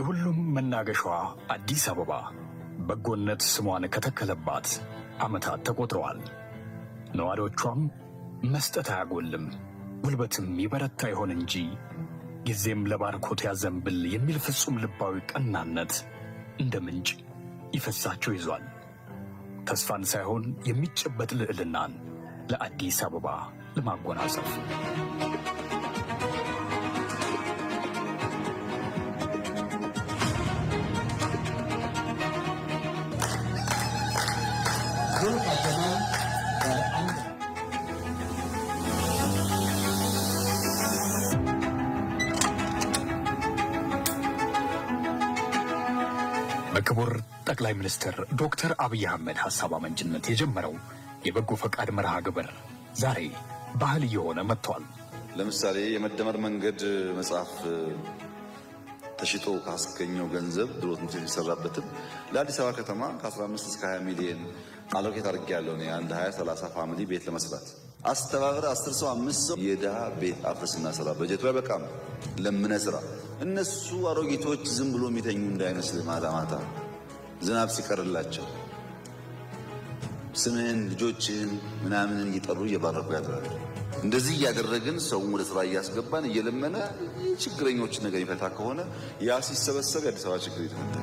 የሁሉም መናገሻዋ አዲስ አበባ በጎነት ስሟን ከተከለባት ዓመታት ተቆጥረዋል። ነዋሪዎቿም መስጠት አያጎልም፣ ጉልበትም ይበረታ ይሆን እንጂ ጊዜም ለባርኮት ያዘንብል የሚል ፍጹም ልባዊ ቀናነት እንደ ምንጭ ይፈሳቸው ይዟል። ተስፋን ሳይሆን የሚጨበጥ ልዕልናን ለአዲስ አበባ ለማጎናጸፍ ክቡር ጠቅላይ ሚኒስትር ዶክተር አብይ አህመድ ሀሳብ አመንጭነት የጀመረው የበጎ ፈቃድ መርሃ ግብር ዛሬ ባህል እየሆነ መጥቷል። ለምሳሌ የመደመር መንገድ መጽሐፍ ተሽጦ ካስገኘው ገንዘብ ድሮ ትምህርት የሚሰራበትም ለአዲስ አበባ ከተማ ከ15 እስከ 20 ሚሊዮን አሎኬት አድርጌያለሁ። አንድ 20 30 ፋሚሊ ቤት ለመስራት አስተባብረ 10 ሰው አምስት ሰው የድሃ ቤት አፍርስና ስራ በጀቱ በቃም ለምነ ስራ እነሱ አሮጊቶች ዝም ብሎ የሚተኙ እንዳይመስል ማታ ማታ ዝናብ ሲቀርላቸው ስምህን ልጆችህን ምናምንን እየጠሩ እየባረኩ ያድራሉ። እንደዚህ እያደረግን ሰውን ወደ ስራ እያስገባን እየለመነ ችግረኞች ነገር ይፈታ ከሆነ ያ ሲሰበሰብ የአዲስ አበባ ችግር ይተፈታ።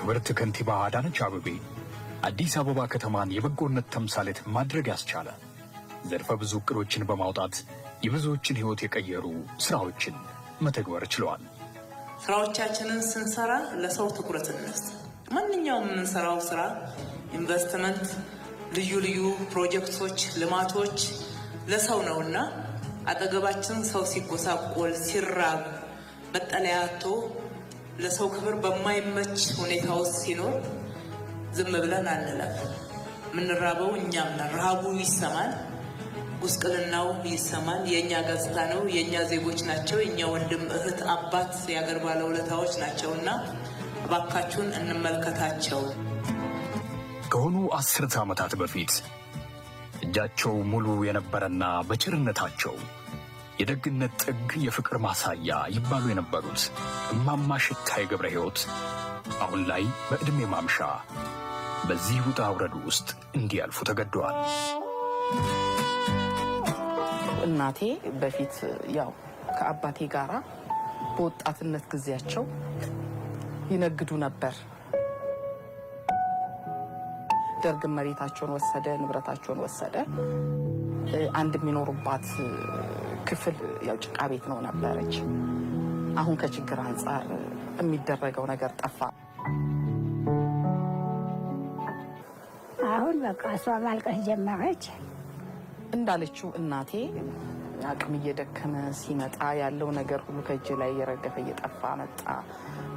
ክብርት ከንቲባ አዳነች አበቤ አዲስ አበባ ከተማን የበጎነት ተምሳሌት ማድረግ ያስቻለ ዘርፈ ብዙ እቅዶችን በማውጣት የብዙዎችን ህይወት የቀየሩ ስራዎችን መተግበር ችለዋል። ስራዎቻችንን ስንሰራ ለሰው ትኩረት እንስጥ። ማንኛውም የምንሰራው ስራ ኢንቨስትመንት፣ ልዩ ልዩ ፕሮጀክቶች፣ ልማቶች ለሰው ነው እና አጠገባችን ሰው ሲጎሳቆል፣ ሲራብ፣ መጠለያ አጥቶ ለሰው ክብር በማይመች ሁኔታ ውስጥ ሲኖር ዝም ብለን አንለፍ። የምንራበው እኛም ነን። ረሃቡ ይሰማል። ጉስቅልናው ይሰማል። የእኛ ገጽታ ነው፣ የእኛ ዜጎች ናቸው፣ የእኛ ወንድም እህት፣ አባት፣ የአገር ባለውለታዎች ናቸው እና እባካችሁን እንመልከታቸው። ከሆኑ አስርተ ዓመታት በፊት እጃቸው ሙሉ የነበረና በቸርነታቸው የደግነት ጥግ የፍቅር ማሳያ ይባሉ የነበሩት እማማ ሽታይ ገብረ ሕይወት አሁን ላይ በዕድሜ ማምሻ በዚህ ውጣ ውረድ ውስጥ እንዲያልፉ ተገደዋል። እናቴ በፊት ያው ከአባቴ ጋራ በወጣትነት ጊዜያቸው ይነግዱ ነበር። ደርግ መሬታቸውን ወሰደ፣ ንብረታቸውን ወሰደ። አንድ የሚኖሩባት ክፍል ያው ጭቃ ቤት ነው ነበረች። አሁን ከችግር አንጻር የሚደረገው ነገር ጠፋ። አሁን በቃ እሷ ማልቀስ ጀመረች። እንዳለችው እናቴ አቅም እየደከመ ሲመጣ ያለው ነገር ሁሉ ከእጅ ላይ እየረገፈ እየጠፋ መጣ።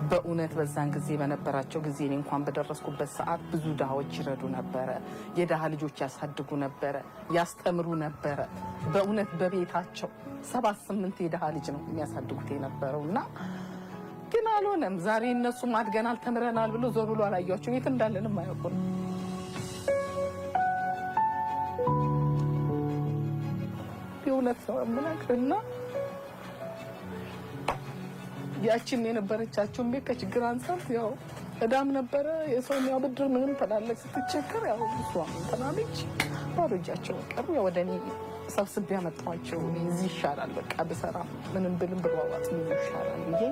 በእውነት በዛን ጊዜ በነበራቸው ጊዜ እኔ እንኳን በደረስኩበት ሰዓት ብዙ ድሃዎች ይረዱ ነበረ። የድሃ ልጆች ያሳድጉ ነበረ፣ ያስተምሩ ነበረ። በእውነት በቤታቸው ሰባት ስምንት የድሃ ልጅ ነው የሚያሳድጉት የነበረው እና ግን አልሆነም። ዛሬ እነሱ አድገናል ተምረናል ብሎ ዞር ብሎ አላያቸው የት እንዳለንም አያውቁ ነው እውነት ነው እና ያችን የነበረቻቸውን ቤት ከችግር ያው እዳም ነበረ የሰው የሚያብድር ምንም ተላለቅ ስትቸገር ያው ተናለች። ባዶ እጃቸው ቀሩ። ወደ እኔ ሰብስቤ ያመጣኋቸው እዚህ ይሻላል በቃ ብሰራ ምንም ብልም ብሯዋጥ ይሻላል ብዬ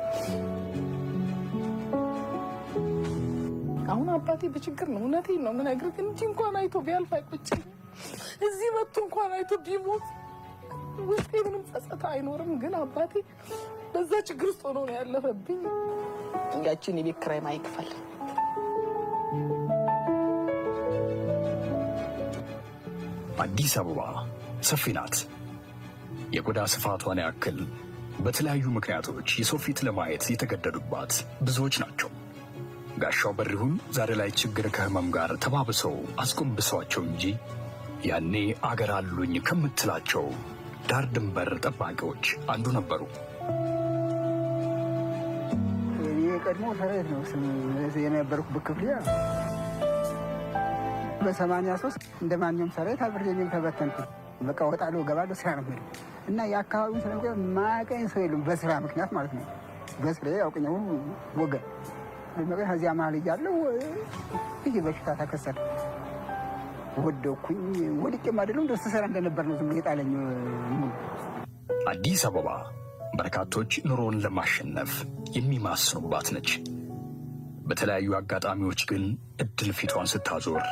አሁን አባቴ በችግር ነው። እውነቴን ነው የምነግርህ። እንኳን አይቶ ቢያልፍ አይቆጭም። እዚህ መጥቶ እንኳን አይቶ ቢሞት ውስጤ ምንም ጸጸት አይኖርም። ግን አባቴ በዛ ችግር ውስጥ ሆኖ ነው ያለፈብኝ። ያችን የቤት ኪራይ ማይክፈል አዲስ አበባ ሰፊ ናት። የቆዳ ስፋቷን ያክል በተለያዩ ምክንያቶች የሰው ፊት ለማየት የተገደዱባት ብዙዎች ናቸው። ጋሻው በሪሁን ዛሬ ላይ ችግር ከህመም ጋር ተባብሰው አስጎንብሰዋቸው እንጂ ያኔ አገር አሉኝ ከምትላቸው ዳር ድንበር ጠባቂዎች አንዱ ነበሩ። የቀድሞ ሰራዊት ነው የነበርኩበት ክፍል በሰማንያ ሶስት እንደ ማንኛውም ሰራዊት አብር እኔም ተበተንኩ። በቃ ወጣለሁ እገባለሁ ስራ ነው እና የአካባቢ ስለምቀ ማቀኝ ሰው የሉም በስራ ምክንያት ማለት ነው። በስራ ያውቅኛው ወገን ከዚያ መሀል እያለሁ ይህ በሽታ ተከሰተ። ወደኩኝ። ወድቄም አይደለም ደስ ሰራ እንደነበር ነው ዝም የጣለኝ። አዲስ አበባ በርካቶች ኑሮን ለማሸነፍ የሚማስኑባት ነች። በተለያዩ አጋጣሚዎች ግን እድል ፊቷን ስታዞር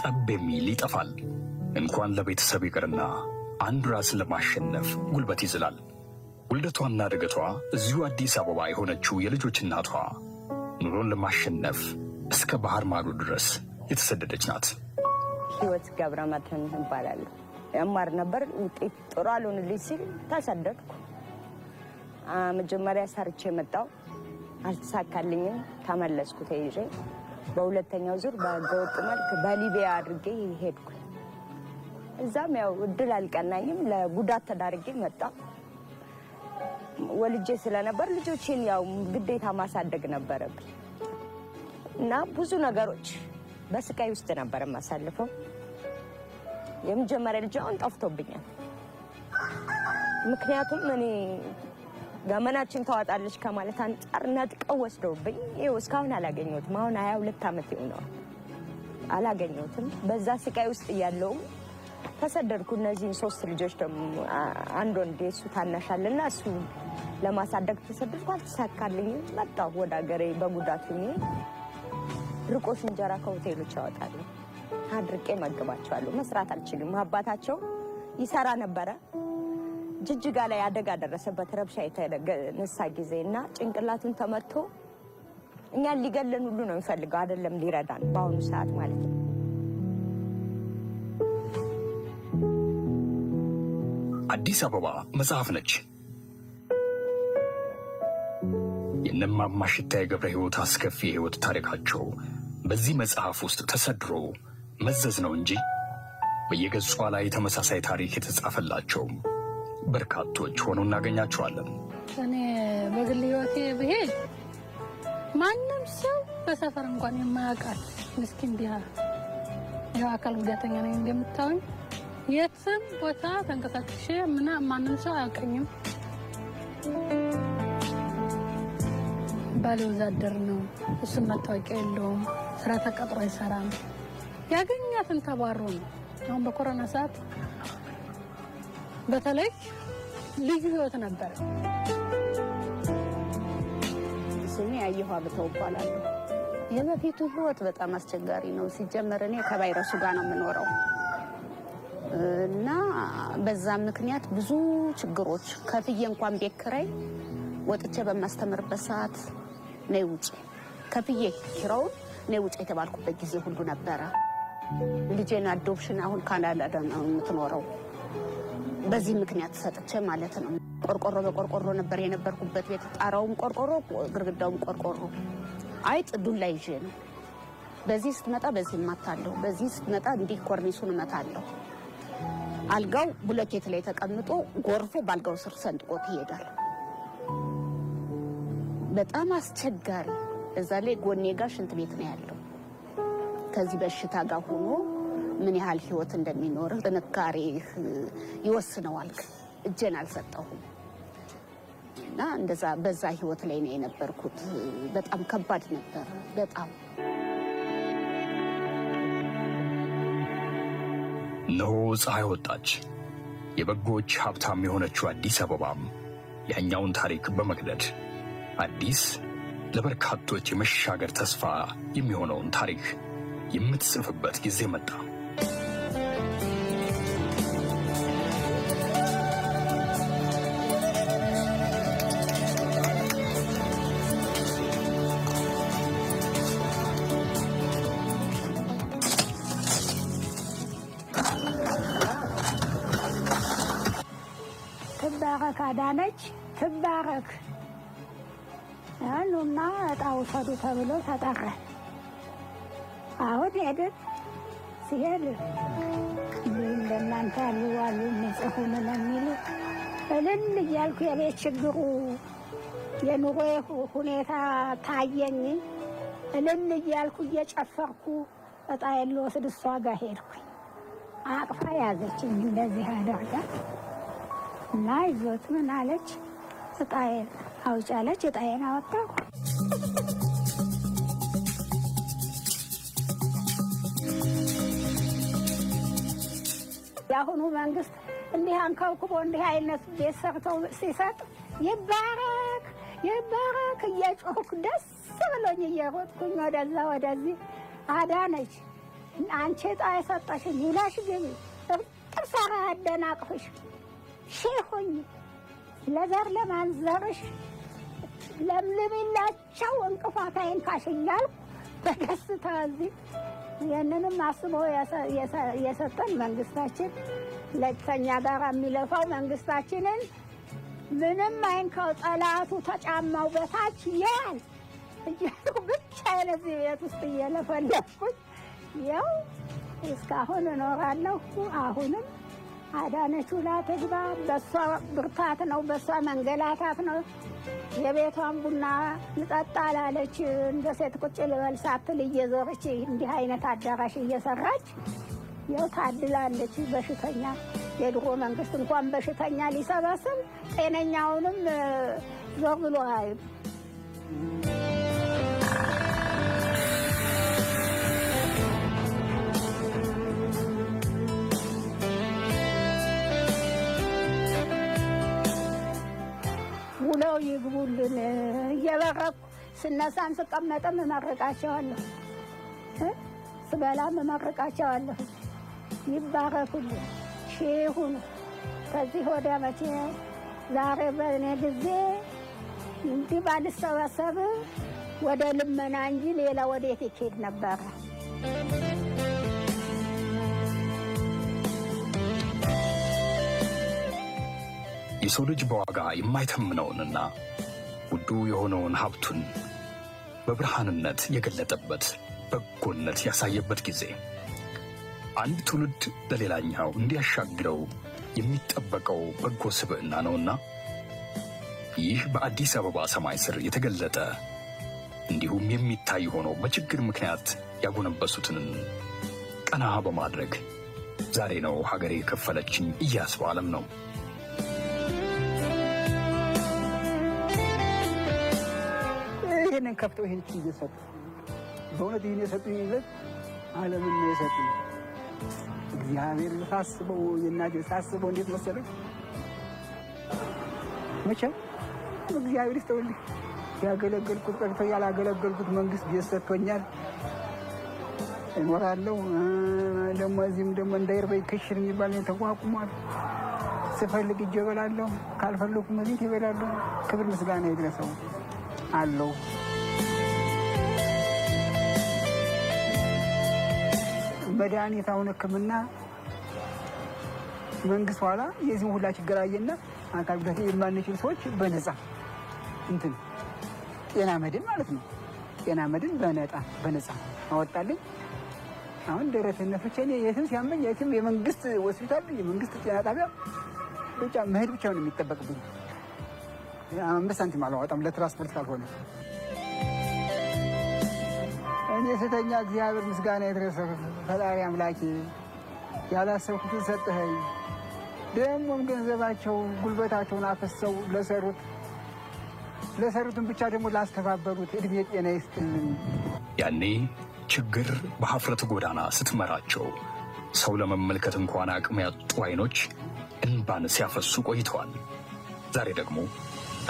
ጠብ የሚል ይጠፋል። እንኳን ለቤተሰብ ይቅርና አንድ ራስ ለማሸነፍ ጉልበት ይዝላል። ውልደቷና እድገቷ እዚሁ አዲስ አበባ የሆነችው የልጆች እናቷ ኑሮን ለማሸነፍ እስከ ባህር ማዶ ድረስ የተሰደደች ናት። ህይወት ገብረ ገብረመድህን እባላለሁ። እማር ነበር። ውጤት ጥሩ አልሆንልኝ ሲል ተሰደድኩ። መጀመሪያ ሰርቼ መጣሁ፣ አልተሳካልኝም። ተመለስኩ ተይዤ። በሁለተኛው ዙር በህገወጥ መልክ በሊቢያ አድርጌ ሄድኩ። እዛም ያው እድል አልቀናኝም። ለጉዳት ተዳርጌ መጣ። ወልጄ ስለነበር ልጆችን ያው ግዴታ ማሳደግ ነበረብኝ እና ብዙ ነገሮች በስቃይ ውስጥ ነበር የማሳልፈው። የመጀመሪያ ልጅ አሁን ጠፍቶብኛል። ምክንያቱም እኔ ገመናችን ታዋጣለች ከማለት አንጻር ነጥቀው ወስደውብኝ ይኸው እስካሁን አላገኘሁትም። አሁን ሀያ ሁለት ዓመት ይሆነዋል አላገኘሁትም። በዛ ስቃይ ውስጥ እያለውም ተሰደድኩ። እነዚህን ሶስት ልጆች ደግሞ አንድ ወንድ የሱ ታናሻልና እሱ ለማሳደግ ተሰደድኩ። አልተሳካልኝም። መጣሁ ወደ ሀገሬ በጉዳቱ ርቆ እንጀራ ከሆቴሎች ያወጣሉ። አድርቄ መግባቸዋለሁ። መስራት አልችልም። አባታቸው ይሰራ ነበረ። ጅጅጋ ላይ አደጋ ደረሰበት ረብሻ የተነሳ ጊዜ እና ጭንቅላቱን ተመትቶ እኛን ሊገለን ሁሉ ነው የሚፈልገው፣ አይደለም ሊረዳን በአሁኑ ሰዓት ማለት ነው። አዲስ አበባ መጽሐፍ ነች። የነማማ ሽታ የገብረ ህይወት አስከፊ የህይወት ታሪካቸው በዚህ መጽሐፍ ውስጥ ተሰድሮ መዘዝ ነው እንጂ በየገጿ ላይ ተመሳሳይ ታሪክ የተጻፈላቸው በርካቶች ሆነው እናገኛቸዋለን። እኔ በግል ህይወቴ ብሄድ ማንም ሰው በሰፈር እንኳን የማያውቃል ምስኪ ቢሃ ይኸው አካል ጉዳተኛ ነኝ እንደምታወኝ የትም ቦታ ተንቀሳቅሼ ምና ማንም ሰው አያውቀኝም። ባለ ወዛደር ነው፣ እሱም መታወቂያ የለውም። ስራ ተቀጥሮ አይሰራም። ያገኛትን ተባሮ ነው። አሁን በኮሮና ሰዓት በተለይ ልዩ ህይወት ነበር። ስሜ አየሁ አብተው እባላለሁ። የበፊቱ ህይወት በጣም አስቸጋሪ ነው። ሲጀመር እኔ ከቫይረሱ ጋር ነው የምኖረው እና በዛም ምክንያት ብዙ ችግሮች ከፍዬ እንኳን ቤት ኪራይ ወጥቼ በማስተምርበት ሰዓት ነይ ውጭ ከፍዬ ኪራዩን እኔ ውጭ የተባልኩበት ጊዜ ሁሉ ነበረ። ልጄን አዶፕሽን አሁን ካናዳ ነው የምትኖረው። በዚህ ምክንያት ሰጥቼ ማለት ነው። ቆርቆሮ በቆርቆሮ ነበር የነበርኩበት ቤት፣ ጣራውም ቆርቆሮ፣ ግርግዳውም ቆርቆሮ። አይጥ ላይ ይዤ ነው። በዚህ ስትመጣ በዚህ እማታለሁ፣ በዚህ ስትመጣ እንዲህ ኮርኒሱን እመታለሁ። አልጋው ብሎኬት ላይ ተቀምጦ ጎርፎ በአልጋው ስር ሰንጥቆት ይሄዳል። በጣም አስቸጋሪ እዛ ላይ ጎኔ ጋር ሽንት ቤት ነው ያለው። ከዚህ በሽታ ጋር ሆኖ ምን ያህል ህይወት እንደሚኖር ጥንካሬ ይወስነዋል። እጄን አልሰጠሁም እና እንደዛ በዛ ህይወት ላይ ነው የነበርኩት። በጣም ከባድ ነበር። በጣም እነሆ ፀሐይ ወጣች። የበጎች ሀብታም የሆነችው አዲስ አበባም ያኛውን ታሪክ በመቅደድ አዲስ ለበርካቶች የመሻገር ተስፋ የሚሆነውን ታሪክ የምትጽፍበት ጊዜ መጣ። ሲሄድ እንዲሁም በእናንተ አሉ አሉ የሚጽፉን ለሚሉ እልል እያልኩ የቤት ችግሩ የኑሮ ሁኔታ ታየኝ። እልል እያልኩ እየጨፈርኩ እጣ የለወስድ እሷ ጋር ሄድኩኝ። አቅፋ ያዘችኝ እንደዚህ አደርጋ እና ይዞት ምን አለች እጣዬን አውጫለች። እጣዬን አወጣሁ። የአሁኑ መንግስት እንዲህ አንከብክቦ እንዲህ አይነት ቤት ሰርተው ሲሰጥ ይባረክ ይባረክ እየጮኩ ደስ ብሎኝ እየሮጥኩኝ ወደዛ ወደዚህ አዳነች አንቺ ጣ የሰጠሽኝ ይላሽ ግቢ እርጥብ ሰራ ያደናቅፍሽ ሺህ ለዘር ለማንዘርሽ ለምልሚላቸው እንቅፋት አይንካሽ እያልኩ በደስታ እዚህ ይህንንም አስቦ የሰጠን መንግስታችን ለተኛ ጋር የሚለፋው መንግስታችንን ምንም አይንካው፣ ጠላቱ ተጫማው በታች ያል እያሉ ብቻ የነዚህ ቤት ውስጥ እየለፈለኩኝ ያው እስካሁን እኖራለሁ አሁንም አዳነችው ላተግባ በእሷ ብርታት ነው፣ በእሷ መንገላታት ነው። የቤቷን ቡና ልጠጣ ላለች እንደ ሴት ቁጭ ልበል ሳትል እየዞረች እንዲህ አይነት አዳራሽ እየሰራች ያው ታድላለች። በሽተኛ የድሮ መንግስት እንኳን በሽተኛ ሊሰበስብ ጤነኛውንም ዞር ብሎ አይም ውለው ይግቡልን እየበረኩ ስነሳም ስቀመጥም እመርቃቸዋለሁ፣ ስበላም እመርቃቸዋለሁ። ይባረኩልን፣ ሺህ ከዚህ ወደ መቼ ዛሬ በእኔ ጊዜ እንዲህ ባልሰበሰብ ወደ ልመና እንጂ ሌላ ወዴት ይኬድ ነበረ? የሰው ልጅ በዋጋ የማይተምነውንና ውዱ የሆነውን ሀብቱን በብርሃንነት የገለጠበት በጎነት ያሳየበት ጊዜ አንድ ትውልድ ለሌላኛው እንዲያሻግረው የሚጠበቀው በጎ ስብዕና ነውና ይህ በአዲስ አበባ ሰማይ ስር የተገለጠ እንዲሁም የሚታይ ሆኖ በችግር ምክንያት ያጎነበሱትን ቀና በማድረግ ዛሬ ነው ሀገሬ የከፈለችኝ እያስባለም ዓለም ነው። ከፍተው ይሄን ቺ እየሰጡ በእውነት ይህን የሰጡ ይለት ዓለምን ነው የሰጡ እግዚአብሔር ሳስበው የና ሳስበው እንዴት መሰለች መቼም እግዚአብሔር ይስተውልኝ ያገለገልኩት ቀርቶ ያላገለገልኩት መንግስት ቤት ሰጥቶኛል። እኖራለሁ ደግሞ እዚህም ደግሞ እንዳይርበኝ ክሽር የሚባል ተቋቁሟል። ስፈልግ እጄ እበላለሁ፣ ካልፈለኩም እዚህ ይበላለሁ። ክብር ምስጋና ይድረሰው አለው። መድኃኒት አሁን ህክምና መንግስት ኋላ የዚህ ሁላ ችግር አየና አካል ጉዳት የማንችል ሰዎች በነፃ እንትን ጤና መድን ማለት ነው። ጤና መድን በነጣ በነፃ አወጣልኝ። አሁን ደረቴን ነፍቼ እኔ የትም ሲያመኝ የትም የመንግስት ሆስፒታል፣ የመንግስት ጤና ጣቢያ ብቻ መሄድ ብቻ ነው የሚጠበቅብኝ። አምስት ሳንቲም አላወጣም ለትራንስፖርት ካልሆነ እኔ ስተኛ እግዚአብሔር ምስጋና የደረሰህ ፈጣሪ አምላኬ ያላሰብኩትን ሰጥኸኝ ደግሞም ገንዘባቸውን ጉልበታቸውን አፈሰው ለሰሩት ለሰሩትን ብቻ ደግሞ ላስተባበሩት እድሜ ጤና ይስጥልን። ያኔ ችግር በሀፍረት ጎዳና ስትመራቸው ሰው ለመመልከት እንኳን አቅም ያጡ አይኖች እንባን ሲያፈሱ ቆይተዋል። ዛሬ ደግሞ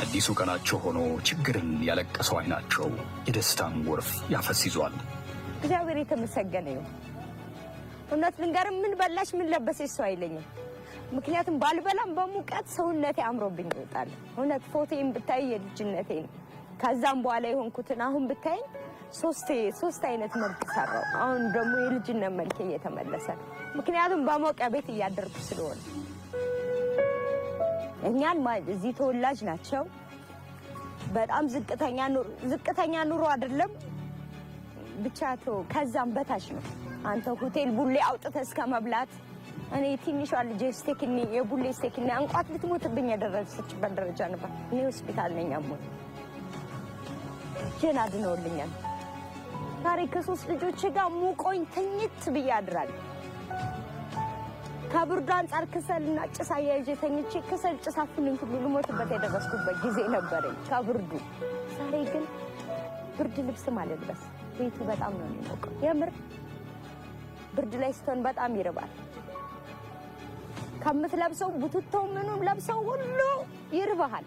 አዲሱ ቀናቸው ሆኖ ችግርን ያለቀሰው አይናቸው የደስታን ጎርፍ ያፈስ ይዟል። እግዚአብሔር የተመሰገነ ይሁን። እውነት ልንገር፣ ምን በላሽ ምን ለበሰች ሰው አይለኝም። ምክንያቱም ባልበላም በሙቀት ሰውነቴ አምሮብኝ ይወጣል። እውነት ፎቴን ብታይ የልጅነቴን ከዛም በኋላ የሆንኩትን አሁን ብታይ ሶስት ሶስት አይነት መልክ ሰራው። አሁን ደግሞ የልጅነት መልክ እየተመለሰ ምክንያቱም በሞቀ ቤት እያደርኩ ስለሆነ እኛን እዚህ ተወላጅ ናቸው። በጣም ዝቅተኛ ኑሮ ዝቅተኛ ኑሮ አይደለም ብቻ ቶ ከዛም በታች ነው። አንተ ሆቴል ቡሌ አውጥተህ እስከ መብላት እኔ ትንሿ ልጅ ስቴክኒ የቡሌ ስቴክኒ አንቋት ልትሞትብኝ የደረሰችበት ደረጃ ነበር። እኔ ሆስፒታል ነኝ አሞኝ ልጄን አድነውልኛል። ታሪክ ከሶስት ልጆች ጋር ሙቆኝ ትኝት ብዬ አድራለሁ። ከብርዱ አንጻር ክሰልና ጭስ አያይዤ ተኝቼ ክሰል ጭስ አፍኖኝ ሁሉ ልሞትበት የደረስኩበት ጊዜ ነበረኝ ከብርዱ። ዛሬ ግን ብርድ ልብስ ማልለበስ ቤቱ በጣም ነው የሚሞቀው። የምር ብርድ ላይ ስትሆን በጣም ይርባል። ከምትለብሰው ቡትቶው ምኑም ለብሰው ሁሉ ይርባሃል።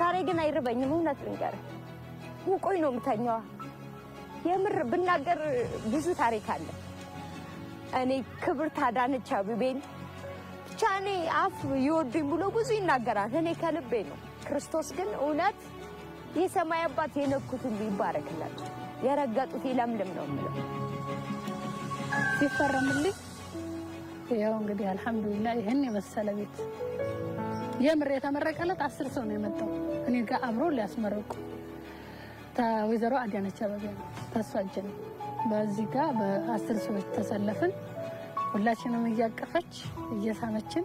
ዛሬ ግን አይርበኝም። እውነት ልንገርህ ሙቆኝ ነው የምተኛዋ። የምር ብናገር ብዙ ታሪክ አለ። እኔ ክብርት አዳነች አቤቤን ብቻ እኔ አፍ ይወዱኝ ብሎ ብዙ ይናገራል። እኔ ከልቤ ነው። ክርስቶስ ግን እውነት የሰማይ አባት የነኩትን ይባረክላል የረገጡት ይለምልም ነው የሚለው ይፈረምልኝ። ያው እንግዲህ አልሐምዱሊላ ይህን የመሰለ ቤት የምር የተመረቀለት አስር ሰው ነው የመጣው እኔ ጋር አብሮ ሊያስመረቁ ወይዘሮ አዳነች አበቤ ነው። ታሷጅን በዚህ ጋ በአስር ሰዎች ተሰለፍን። ሁላችንም እያቀፈች እየሳመችን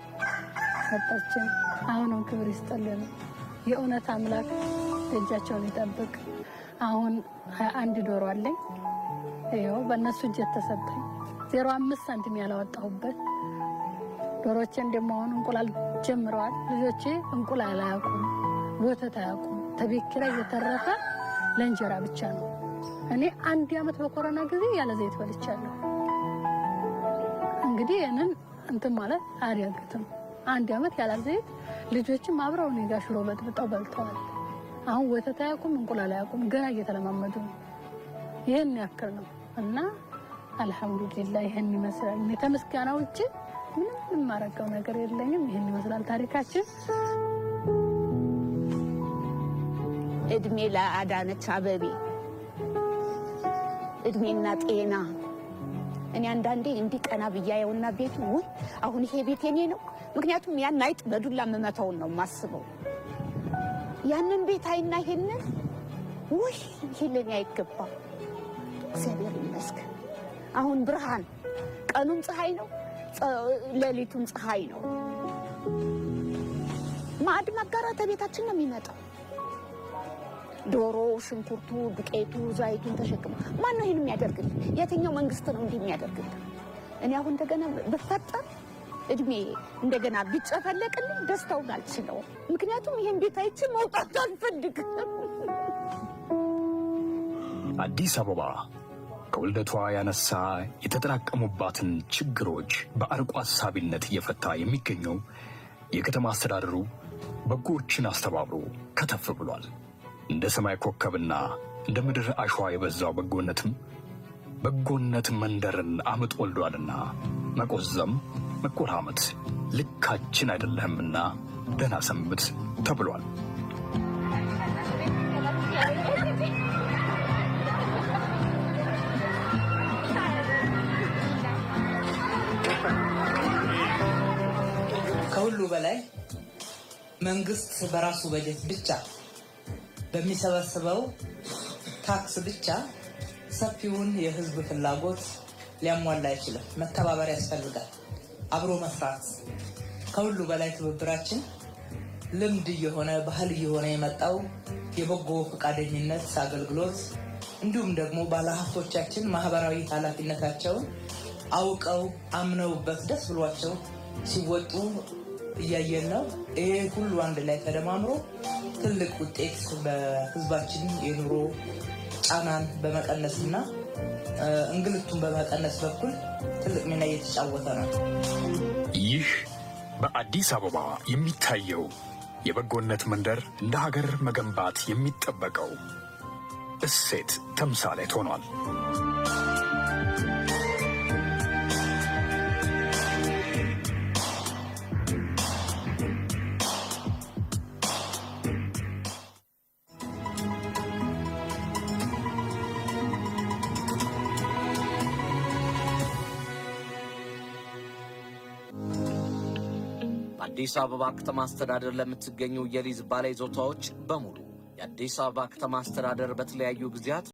ሰጠችን። አሁንም ክብር ይስጥልን። የእውነት አምላክ እጃቸውን ይጠብቅ። አሁን አንድ ዶሮ አለኝ። ይኸው በእነሱ እጅ ተሰጠኝ። ዜሮ አምስት ሳንቲም ያላወጣሁበት ዶሮቼ አሁን እንቁላል ጀምረዋል። ልጆቼ እንቁላል አያውቁም፣ ወተት አያውቁም። ተቤት ኪራይ እየተረፈ ለእንጀራ ብቻ ነው። እኔ አንድ ዓመት በኮሮና ጊዜ ያለ ዘይት በልቻለሁ። እንግዲህ ይህንን እንትን ማለት አያዳግትም። አንድ ዓመት ያለ ዘይት ልጆችም አብረው እኔ ጋር ሽሮ በጥብጠው በልተዋል። አሁን ወተት አያውቁም፣ እንቁላል አያውቁም። ገና እየተለማመዱ ነው። ይህን ያክል ነው እና አልሐምዱሊላህ ይህን ይመስላል። ከምስጋና ውጭ ምንም የማረገው ነገር የለኝም። ይህን ይመስላል ታሪካችን። እድሜ ለአዳነች አበቤ እድሜና ጤና። እኔ አንዳንዴ እንዲህ ቀና ብያየውና ቤቱ ውይ አሁን ይሄ ቤት የኔ ነው። ምክንያቱም ያን አይጥ በዱላ መመታውን ነው የማስበው። ያንን ቤት አይና ይሄንን ውይ ይሄ ለእኔ አይገባ። እግዚአብሔር ይመስገን አሁን ብርሃን፣ ቀኑም ፀሐይ ነው፣ ሌሊቱም ፀሐይ ነው። ማዕድ መጋራት ቤታችን ነው የሚመጣው። ዶሮ፣ ሽንኩርቱ፣ ዱቄቱ፣ ዘይቱን ተሸክመ ነው ይህን የሚያደርግልን? የትኛው መንግስት ነው እንዲህ የሚያደርግልን? እኔ አሁን እንደገና ብፈጠር እድሜ እንደገና ቢጨፈለቅልኝ ደስታውን አልችለውም። ምክንያቱም ይህን ቤት አይቼ መውጣት አልፈልግ። አዲስ አበባ ከውልደቷ ያነሳ የተጠራቀሙባትን ችግሮች በአርቆ አሳቢነት እየፈታ የሚገኘው የከተማ አስተዳደሩ በጎችን አስተባብሮ ከተፍ ብሏል። እንደ ሰማይ ኮከብና እንደ ምድር አሸዋ የበዛው በጎነትም በጎነት መንደርን አምጥ ወልዷልና መቆዘም መቆራመት ልካችን አይደለህምና ደህና ሰንብት ተብሏል። ከሁሉ በላይ መንግስት በራሱ በጀት ብቻ በሚሰበስበው ታክስ ብቻ ሰፊውን የህዝብ ፍላጎት ሊያሟላ አይችልም። መተባበር ያስፈልጋል። አብሮ መስራት ከሁሉ በላይ ትብብራችን ልምድ እየሆነ ባህል እየሆነ የመጣው የበጎ ፈቃደኝነት አገልግሎት እንዲሁም ደግሞ ባለሀብቶቻችን ማህበራዊ ኃላፊነታቸውን አውቀው አምነውበት ደስ ብሏቸው ሲወጡ እያየን ነው። ይሄ ሁሉ አንድ ላይ ተደማምሮ ትልቅ ውጤት በህዝባችን የኑሮ ጫናን በመቀነስና እንግልቱን በመቀነስ በኩል ትልቅ ሚና እየተጫወተ ነው። ይህ በአዲስ አበባ የሚታየው የበጎነት መንደር ለሀገር መገንባት የሚጠበቀው እሴት ተምሳሌት ሆኗል። በአዲስ አበባ ከተማ አስተዳደር ለምትገኙ የሊዝ ባለይዞታዎች በሙሉ የአዲስ አበባ ከተማ አስተዳደር በተለያዩ ጊዜያት